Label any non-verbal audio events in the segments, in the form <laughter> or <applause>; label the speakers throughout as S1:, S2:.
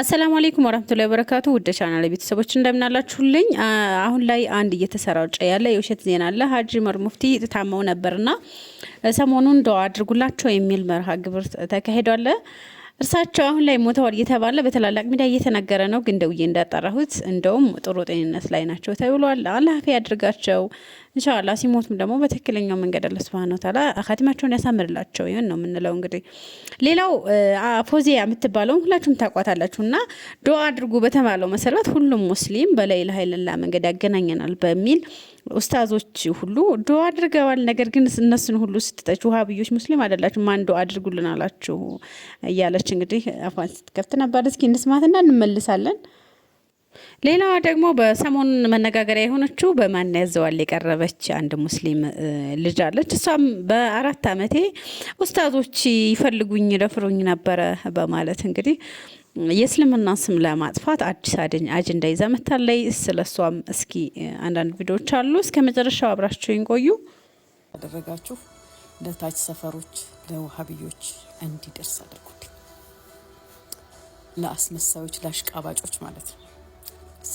S1: አሰላሙ አሌይኩም ወራህመቱላሂ ወበረካቱ ውድ ቻናል ቤተሰቦች እንደምናላችሁልኝ። አሁን ላይ አንድ እየተሰራጨ ያለ የውሸት ዜና አለ። ሀጂ ዑመር ሙፍቲ ታመው ነበርና ሰሞኑን ዱዓ አድርጉላቸው የሚል መርሃ ግብር ተካሂዷል። እርሳቸው አሁን ላይ ሞተዋል እየተባለ በትላላቅ ሚዲያ እየተነገረ ነው። ግን ደውዬ እንዳጣራሁት እንደውም ጥሩ ጤንነት ላይ ናቸው ተብሏል። አላህ ያድርጋቸው። እንሻላ ሲሞቱም ደግሞ በትክክለኛው መንገድ አለ ስብሃነ ታላ ካቲማቸውን ያሳምርላቸው። ይህን ነው የምንለው። እንግዲህ ሌላው ፎዚያ የምትባለውን ሁላችሁም ታቋታላችሁ እና ዶ አድርጉ በተባለው መሰረት ሁሉም ሙስሊም በላይ ሀይልላ መንገድ ያገናኘናል በሚል ኡስታዞች ሁሉ ዶ አድርገዋል። ነገር ግን እነሱን ሁሉ ስትጠች ውሃብዮች ሙስሊም አይደላችሁ ማን ዶ አድርጉልን አላችሁ እያለች እንግዲህ አፏን ስትከፍት ነበር። እስኪ እንስማትና እንመልሳለን። ሌላዋ ደግሞ በሰሞኑን መነጋገሪያ የሆነችው በማን ያዘዋል የቀረበች አንድ ሙስሊም ልጅ አለች። እሷም በአራት ዓመቴ ኡስታዞች ይፈልጉኝ ደፍሩኝ ነበረ በማለት እንግዲህ የእስልምና ስም ለማጥፋት አዲስ አጀንዳ ይዛ መታለች። ስለ እሷም እስኪ አንዳንድ ቪዲዮዎች አሉ። እስከ መጨረሻው አብራችሁኝ ቆዩ።
S2: ያደረጋችሁ ለታች ሰፈሮች ለውሃብዮች እንዲደርስ አድርጉልኝ፣ ለአስመሳዮች ለአሽቃባጮች ማለት ነው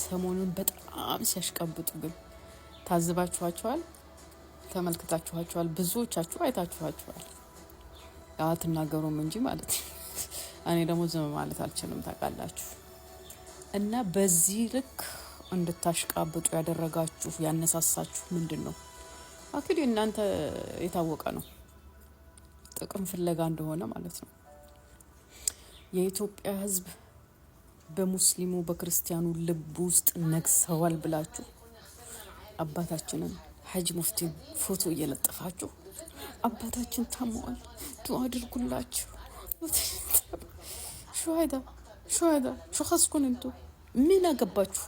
S2: ሰሞኑን በጣም ሲያሽቀብጡ ግን ታዝባችኋቸዋል፣ ተመልክታችኋቸዋል፣ ብዙዎቻችሁ አይታችኋቸዋል። አትናገሩም እንጂ ማለት ነው። እኔ ደግሞ ዝም ማለት አልችልም ታውቃላችሁ። እና በዚህ ልክ እንድታሽቃብጡ ያደረጋችሁ ያነሳሳችሁ ምንድን ነው? አክሊ እናንተ የታወቀ ነው ጥቅም ፍለጋ እንደሆነ ማለት ነው የኢትዮጵያ ሕዝብ በሙስሊሙ በክርስቲያኑ ልብ ውስጥ ነግሰዋል ብላችሁ አባታችንን ሀጅ ሙፍቲን ፎቶ እየለጠፋችሁ አባታችን ታመዋል ዱዓ አድርጉላችሁ። ሸዋይዳ ሸዋይዳ ሸኸስኩን እንቱ ምን አገባችሁ?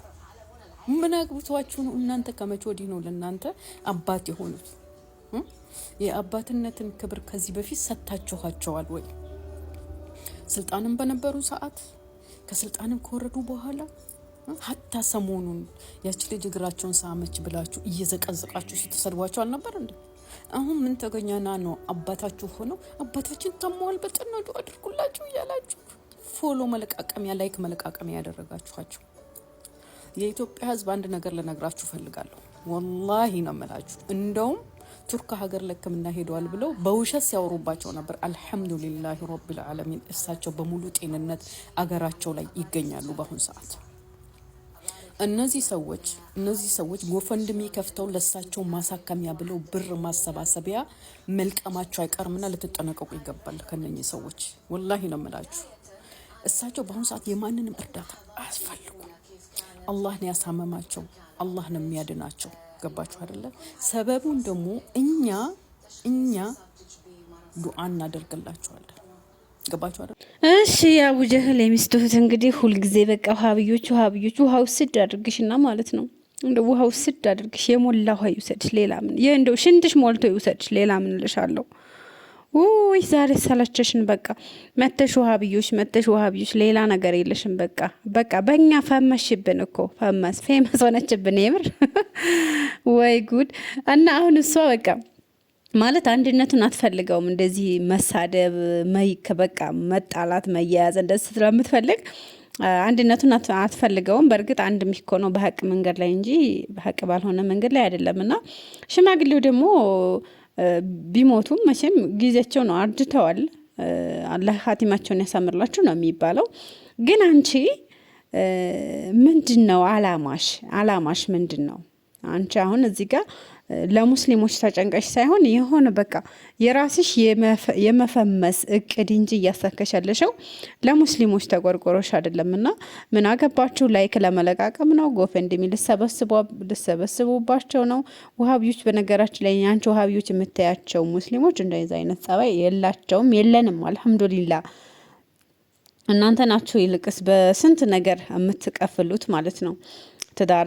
S2: ምን አግብቷችሁ ነው እናንተ? ከመቼ ወዲህ ነው ለእናንተ አባት የሆኑት? የአባትነትን ክብር ከዚህ በፊት ሰጥታችኋቸዋል ወይ? ስልጣንም በነበሩ ሰዓት ከስልጣንም ከወረዱ በኋላ ሀታ ሰሞኑን ያቺ ልጅ እግራቸውን ሳመች ብላችሁ እየዘቀዘቃችሁ ስትሰድቧቸው አልነበር እንዴ? አሁን ምን ተገኘና ነው አባታችሁ ሆነው አባታችን ታመዋል በጥናዱ አድርጉላችሁ እያላችሁ ፎሎ መለቃቀሚያ ላይክ መለቃቀሚያ ያደረጋችኋቸው የኢትዮጵያ ሕዝብ አንድ ነገር ልነግራችሁ ፈልጋለሁ። ወላሂ ነው የምላችሁ እንደውም ቱርክ ሀገር ለህክምና ሄደዋል ብለው በውሸት ሲያወሩባቸው ነበር። አልሐምዱሊላህ ረቢል ዓለሚን እሳቸው በሙሉ ጤንነት አገራቸው ላይ ይገኛሉ በአሁን ሰዓት። እነዚህ ሰዎች እነዚህ ሰዎች ጎፈንድሚ ከፍተው ለእሳቸው ማሳከሚያ ብለው ብር ማሰባሰቢያ መልቀማቸው አይቀርምና ልትጠነቀቁ ይገባል። ከነኚህ ሰዎች ወላሂ ነው የምላችሁ። እሳቸው በአሁኑ ሰዓት የማንንም እርዳታ አያስፈልጉም። አላህ ነው ያሳመማቸው፣ አላህ ነው የሚያድናቸው። ገባችሁ አይደለ? ሰበቡን ደግሞ እኛ እኛ ዱዓ እናደርግላችኋለን። ገባችሁ አይደለ?
S1: እሺ የአቡ ጀህል የሚስቱት እንግዲህ ሁልጊዜ በቃ ውሀብዮች ውሀብዮች፣ ውሃ ውስድ አድርግሽና ማለት ነው እንደ ውሃ ውስድ አድርግሽ፣ የሞላ ውሃ ይውሰድሽ፣ ሌላ ምን ይህ እንደው ሽንትሽ ሞልቶ ይውሰድሽ፣ ሌላ ምን ልሻለሁ ውይ ዛሬ ሰለቸሽን። በቃ መተሽ ውሃ ውሃብዮሽ መተሽ ውሃ ውሃብዮሽ፣ ሌላ ነገር የለሽም። በቃ በቃ በእኛ ፈመሽብን እኮ ፈመስ ፌመስ ሆነችብን። የምር <laughs> ወይ ጉድ! እና አሁን እሷ በቃ ማለት አንድነቱን አትፈልገውም። እንደዚህ መሳደብ፣ መይክ በቃ መጣላት፣ መያያዝ እንደዚህ ስለምትፈልግ አንድነቱን አትፈልገውም። በእርግጥ አንድ ሚኮ ነው በሀቅ መንገድ ላይ እንጂ በሀቅ ባልሆነ መንገድ ላይ አይደለም። እና ሽማግሌው ደግሞ ቢሞቱም መቼም ጊዜያቸው ነው፣ አርጅተዋል። አላህ ሀቲማቸውን ያሳምርላችሁ ነው የሚባለው። ግን አንቺ ምንድን ነው አላማሽ? አላማሽ ምንድን ነው? አንቺ አሁን እዚህ ጋር ለሙስሊሞች ተጨንቀሽ ሳይሆን የሆነ በቃ የራስሽ የመፈመስ እቅድ እንጂ እያሳከሽ ያለሽው ለሙስሊሞች ተቆርቆሮሽ አይደለም። እና ምን አገባችሁ ላይክ ለመለቃቀም ነው፣ ጎፈንድሚ ልሰበስቡባቸው ነው ውሃቢዎች። በነገራችን ላይ ያንቺ ውሃቢዎች የምታያቸው ሙስሊሞች እንደዚ አይነት ጸባይ የላቸውም፣ የለንም አልሐምዱሊላ። እናንተ ናችሁ ይልቅስ በስንት ነገር የምትቀፍሉት ማለት ነው። ትዳር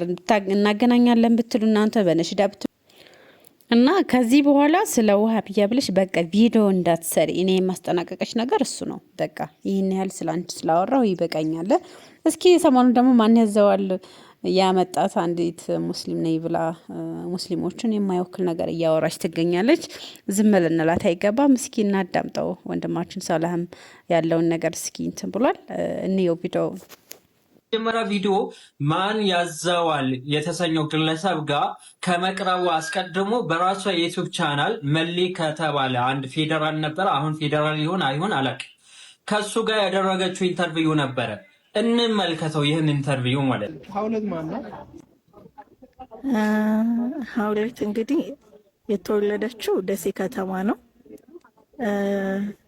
S1: እናገናኛለን ብትሉ እናንተ በነሽዳ ብትሉ እና ከዚህ በኋላ ስለ ውሃ ብያ ብለሽ በቃ ቪዲዮ እንዳትሰሪ። እኔ የማስጠናቀቀች ነገር እሱ ነው። በቃ ይህን ያህል ስለ አንቺ ስላወራው ይበቃኛል። እስኪ ሰሞኑን ደግሞ ማን ያዘዋል ያመጣት አንዲት ሙስሊም ነኝ ብላ ሙስሊሞችን የማይወክል ነገር እያወራች ትገኛለች። ዝም ልንላት አይገባም። እስኪ እናዳምጠው። ወንድማችን ሰላህም ያለውን ነገር እስኪ እንትን ብሏል። እንየው ቪዲዮውን።
S3: የመጀመሪያ ቪዲዮ ማን ያዘዋል የተሰኘው ግለሰብ ጋር ከመቅረቡ አስቀድሞ በራሷ የዩቱብ ቻናል መሌ ከተባለ አንድ ፌዴራል ነበረ። አሁን ፌዴራል ይሆን አይሆን አላውቅም። ከሱ ጋር ያደረገችው ኢንተርቪው ነበረ። እንመልከተው። ይህን ኢንተርቪው ማለት ነው።
S4: ሀውለት ማን ነው?
S1: ሀውለት እንግዲህ የተወለደችው ደሴ ከተማ ነው።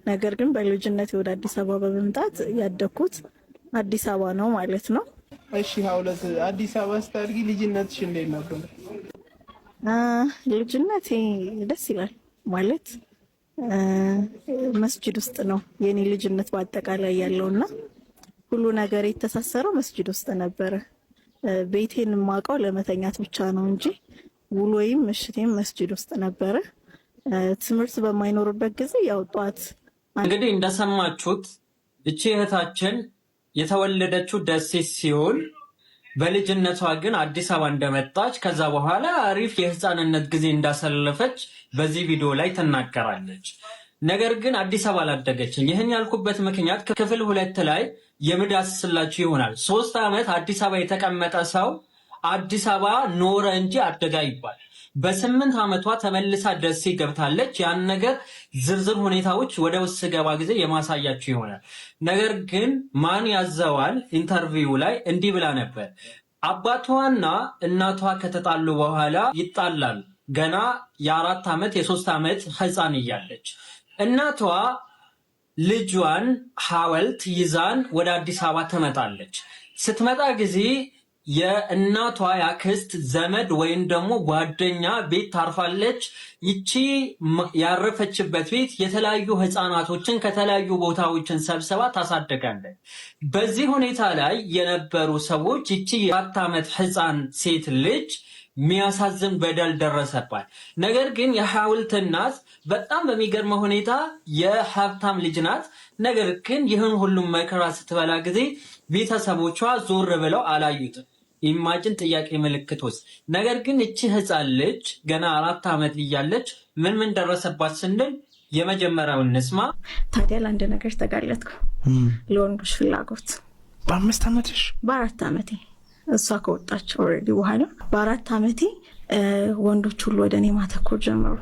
S1: ነገር ግን በልጅነት ወደ አዲስ አበባ በመምጣት ያደግኩት አዲስ አበባ ነው ማለት ነው።
S4: እሺ ሀውለት አዲስ አበባ ስታድጊ ልጅነትሽ እንዴት ነበር?
S1: ልጅነቴ ደስ ይላል ማለት መስጅድ ውስጥ ነው የኔ ልጅነት በአጠቃላይ ያለው እና ሁሉ ነገር የተሳሰረው መስጅድ ውስጥ ነበረ። ቤቴን ማውቀው ለመተኛት ብቻ ነው እንጂ ውሎይም ምሽቴም መስጅድ ውስጥ ነበረ። ትምህርት በማይኖርበት ጊዜ ያው ጧት
S3: እንግዲህ እንደሰማችሁት እቺ እህታችን የተወለደችው ደሴ ሲሆን በልጅነቷ ግን አዲስ አበባ እንደመጣች ከዛ በኋላ አሪፍ የህፃንነት ጊዜ እንዳሳለፈች በዚህ ቪዲዮ ላይ ትናገራለች። ነገር ግን አዲስ አበባ አላደገችም። ይህን ያልኩበት ምክንያት ክፍል ሁለት ላይ የምዳስስላችሁ ይሆናል። ሶስት ዓመት አዲስ አበባ የተቀመጠ ሰው አዲስ አበባ ኖረ እንጂ አደጋ ይባል በስምንት ዓመቷ ተመልሳ ደሴ ገብታለች። ያን ነገር ዝርዝር ሁኔታዎች ወደ ውስጥ ገባ ጊዜ የማሳያችሁ ይሆናል። ነገር ግን ማን ያዘዋል ኢንተርቪው ላይ እንዲህ ብላ ነበር። አባቷና እናቷ ከተጣሉ በኋላ ይጣላል። ገና የአራት ዓመት የሶስት ዓመት ህፃን እያለች እናቷ ልጇን ሐውልት ይዛን ወደ አዲስ አበባ ትመጣለች። ስትመጣ ጊዜ የእናቷ ያክስት ዘመድ ወይም ደግሞ ጓደኛ ቤት ታርፋለች። ይቺ ያረፈችበት ቤት የተለያዩ ህፃናቶችን ከተለያዩ ቦታዎችን ሰብስባ ታሳድጋለች። በዚህ ሁኔታ ላይ የነበሩ ሰዎች ይቺ የአራት ዓመት ህፃን ሴት ልጅ የሚያሳዝን በደል ደረሰባት። ነገር ግን የሐውልት እናት በጣም በሚገርመ ሁኔታ የሀብታም ልጅ ናት። ነገር ግን ይህን ሁሉም መከራ ስትበላ ጊዜ ቤተሰቦቿ ዞር ብለው አላዩትም። ኢማጅን ጥያቄ ምልክት ውስጥ። ነገር ግን እቺ ህፃን ልጅ ገና አራት ዓመት እያለች ምን ምን ደረሰባት ስንል የመጀመሪያውን ንስማ።
S1: ታዲያ ለአንድ ነገር ተጋለጥኩ፣ ለወንዶች ፍላጎት።
S4: በአምስት ዓመትሽ?
S1: በአራት ዓመቴ እሷ ከወጣች ኦልሬዲ በኋላ በአራት ዓመቴ ወንዶች ሁሉ ወደ እኔ ማተኮር ጀመሩ።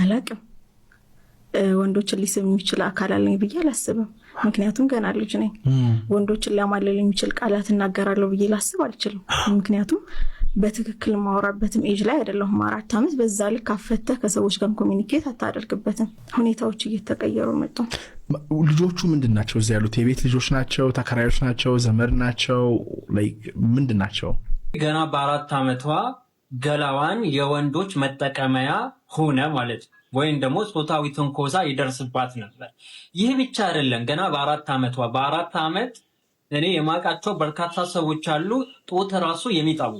S1: አላቅም ወንዶችን ሊስብ የሚችል አካል አለኝ ብዬ አላስብም። ምክንያቱም ገና ልጅ ነኝ። ወንዶችን ሊያማልል የሚችል ቃላት እናገራለሁ ብዬ ላስብ አልችልም። ምክንያቱም በትክክል ማወራበትም ኤጅ ላይ አይደለሁም። አራት ዓመት በዛ ልክ አፈተህ ከሰዎች ጋር ኮሚኒኬት አታደርግበትም። ሁኔታዎች እየተቀየሩ መጡ።
S4: ልጆቹ ምንድን ናቸው? እዚ ያሉት የቤት ልጆች ናቸው? ተከራዮች ናቸው? ዘመድ ናቸው? ምንድን ናቸው?
S3: ገና በአራት ዓመቷ ገላዋን የወንዶች መጠቀመያ ሆነ ማለት ነው። ወይም ደግሞ ጾታዊ ትንኮሳ ይደርስባት ነበር። ይህ ብቻ አይደለም። ገና በአራት ዓመቷ በአራት ዓመት እኔ የማውቃቸው በርካታ ሰዎች አሉ ጡት ራሱ የሚጠቡ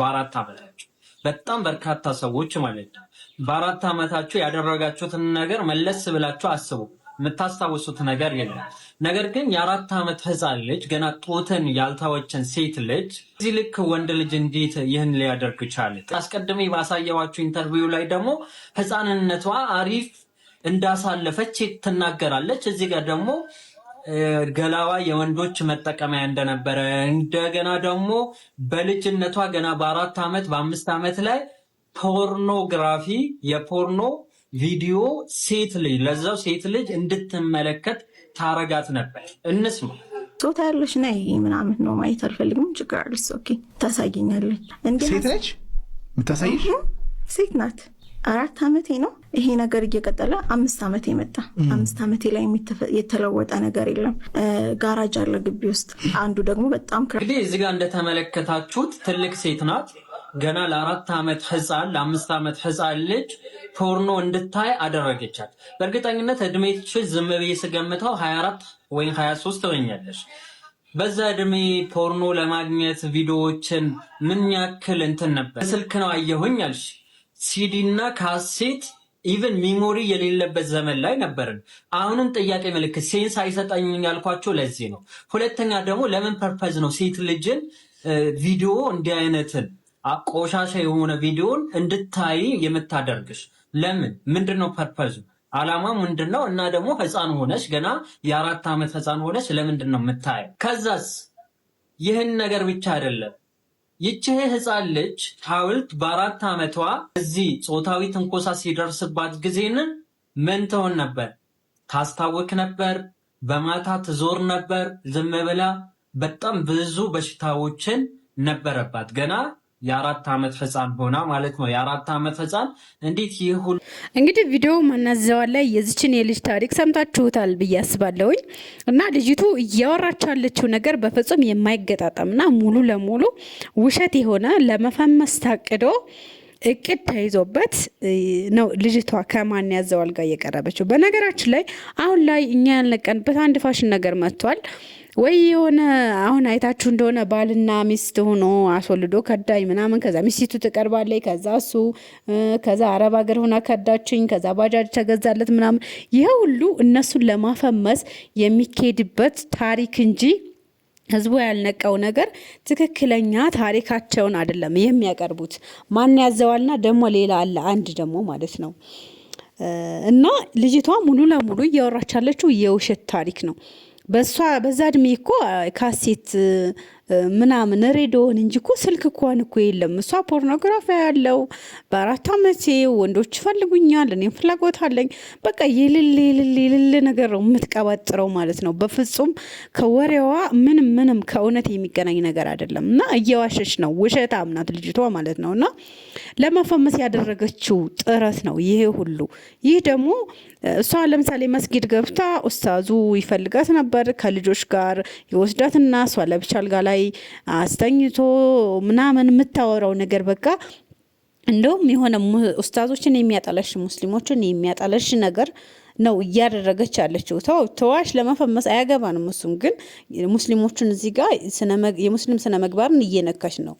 S3: በአራት ዓመታቸው በጣም በርካታ ሰዎች ማለት ነው። በአራት ዓመታቸው ያደረጋችሁትን ነገር መለስ ብላችሁ አስቡ። የምታስታውሱት ነገር የለም። ነገር ግን የአራት ዓመት ህፃን ልጅ ገና ጡትን ያልታወችን ሴት ልጅ እዚህ ልክ ወንድ ልጅ እንዴት ይህን ሊያደርግ ቻለ? አስቀድሜ ባሳየዋችሁ ኢንተርቪው ላይ ደግሞ ህፃንነቷ አሪፍ እንዳሳለፈች ትናገራለች። እዚህ ጋር ደግሞ ገላዋ የወንዶች መጠቀሚያ እንደነበረ እንደገና ደግሞ በልጅነቷ ገና በአራት ዓመት በአምስት ዓመት ላይ ፖርኖግራፊ የፖርኖ ቪዲዮ ሴት ልጅ ለዛው ሴት ልጅ እንድትመለከት ታረጋት ነበር። እንስማ
S1: ጾታ ያለች ነይ ምናምን ነው ማየት አልፈልግም። ችግር አለስ ኦኬ፣ ታሳየኛለች። ሴት ነች ሴት ናት። አራት ዓመቴ ነው ይሄ ነገር እየቀጠለ አምስት ዓመቴ መጣ። አምስት ዓመቴ ላይ የተለወጠ ነገር የለም። ጋራጅ አለ ግቢ ውስጥ። አንዱ ደግሞ በጣም
S3: እንግዲህ እዚህ ጋር እንደተመለከታችሁት ትልቅ ሴት ናት። ገና ለአራት ዓመት ህፃን ለአምስት ዓመት ህፃን ልጅ ፖርኖ እንድታይ አደረገቻት። በእርግጠኝነት እድሜችሽ ዝም ብዬ ስገምተው 24 ወይም 23 ትሆኛለሽ። በዛ እድሜ ፖርኖ ለማግኘት ቪዲዮዎችን ምን ያክል እንትን ነበር? ስልክ ነው አየሁኝ አልሽ። ሲዲ እና ካሴት ኢቨን ሚሞሪ የሌለበት ዘመን ላይ ነበርን። አሁንም ጥያቄ ምልክት ሴንስ አይሰጠኝ ያልኳቸው ለዚህ ነው። ሁለተኛ ደግሞ ለምን ፐርፐዝ ነው ሴት ልጅን ቪዲዮ እንዲህ አይነትን ቆሻሻ የሆነ ቪዲዮን እንድታይ የምታደርግሽ ለምን? ምንድን ነው ፐርፐዙ? አላማ ምንድን ነው? እና ደግሞ ህፃን ሆነች ገና የአራት ዓመት ህፃን ሆነች ለምንድን ነው ከዛስ ይህን ነገር ብቻ አይደለም። ይቺ ህፃን ልጅ ሀውልት በአራት ዓመቷ እዚህ ጾታዊ ትንኮሳ ሲደርስባት ጊዜን ምን ትሆን ነበር? ታስታውክ ነበር፣ በማታ ትዞር ነበር፣ ዝም ብላ በጣም ብዙ በሽታዎችን ነበረባት ገና የአራት ዓመት ህፃን ሆና ማለት ነው። የአራት ዓመት ህፃን እንዴት ይህ
S1: እንግዲህ ቪዲዮ ማናዘዋል ላይ የዚችን የልጅ ታሪክ ሰምታችሁታል ብዬ አስባለሁኝ። እና ልጅቱ እያወራች ያለችው ነገር በፍጹም የማይገጣጠምና ሙሉ ለሙሉ ውሸት የሆነ ለመፈመስ ታቅዶ እቅድ ተይዞበት ነው ልጅቷ ከማን ያዘዋል ጋር እየቀረበችው። በነገራችን ላይ አሁን ላይ እኛ ያልነቀንበት አንድ ፋሽን ነገር መጥቷል። ወይ የሆነ አሁን አይታችሁ እንደሆነ ባልና ሚስት ሆኖ አስወልዶ ከዳኝ ምናምን፣ ከዛ ሚስቱ ትቀርባለች፣ ከዛ እሱ ከዛ አረብ ሀገር ሆና ከዳችኝ፣ ከዛ ባጃጅ ተገዛለት ምናምን። ይህ ሁሉ እነሱን ለማፈመስ የሚካሄድበት ታሪክ እንጂ ህዝቡ ያልነቀው ነገር ትክክለኛ ታሪካቸውን አይደለም የሚያቀርቡት። ማን ያዘዋልና ደግሞ ሌላ አለ አንድ ደግሞ ማለት ነው እና ልጅቷ ሙሉ ለሙሉ እያወራች ያለችው የውሸት ታሪክ ነው። በዛ እድሜ እኮ ካሴት ምናምን ሬዲዮን እንጂ እኮ ስልክ እኳን እኮ የለም። እሷ ፖርኖግራፊ ያለው በአራት ዓመቴ ወንዶች ይፈልጉኛል፣ እኔም ፍላጎት አለኝ። በቃ የልል የልል የልል ነገር ነው የምትቀባጥረው ማለት ነው። በፍጹም ከወሬዋ ምንም ምንም ከእውነት የሚገናኝ ነገር አይደለም። እና እየዋሸች ነው፣ ውሸታም ናት ልጅቷ ማለት ነው። እና ለመፈመስ ያደረገችው ጥረት ነው ይሄ ሁሉ። ይህ ደግሞ እሷ ለምሳሌ መስጊድ ገብታ ኡስታዙ ይፈልጋት ነበር ከልጆች ጋር የወስዳትና እሷ ለብቻ አልጋ ላይ አስተኝቶ ምናምን የምታወራው ነገር በቃ እንደውም የሆነ ኡስታዞችን የሚያጠለሽ ሙስሊሞችን የሚያጠለሽ ነገር ነው እያደረገች ያለችው። ተው ተዋሽ ለመፈመስ አያገባንም። እሱም ግን ሙስሊሞቹን እዚህ ጋር የሙስሊም ስነ ምግባርን እየነካች ነው።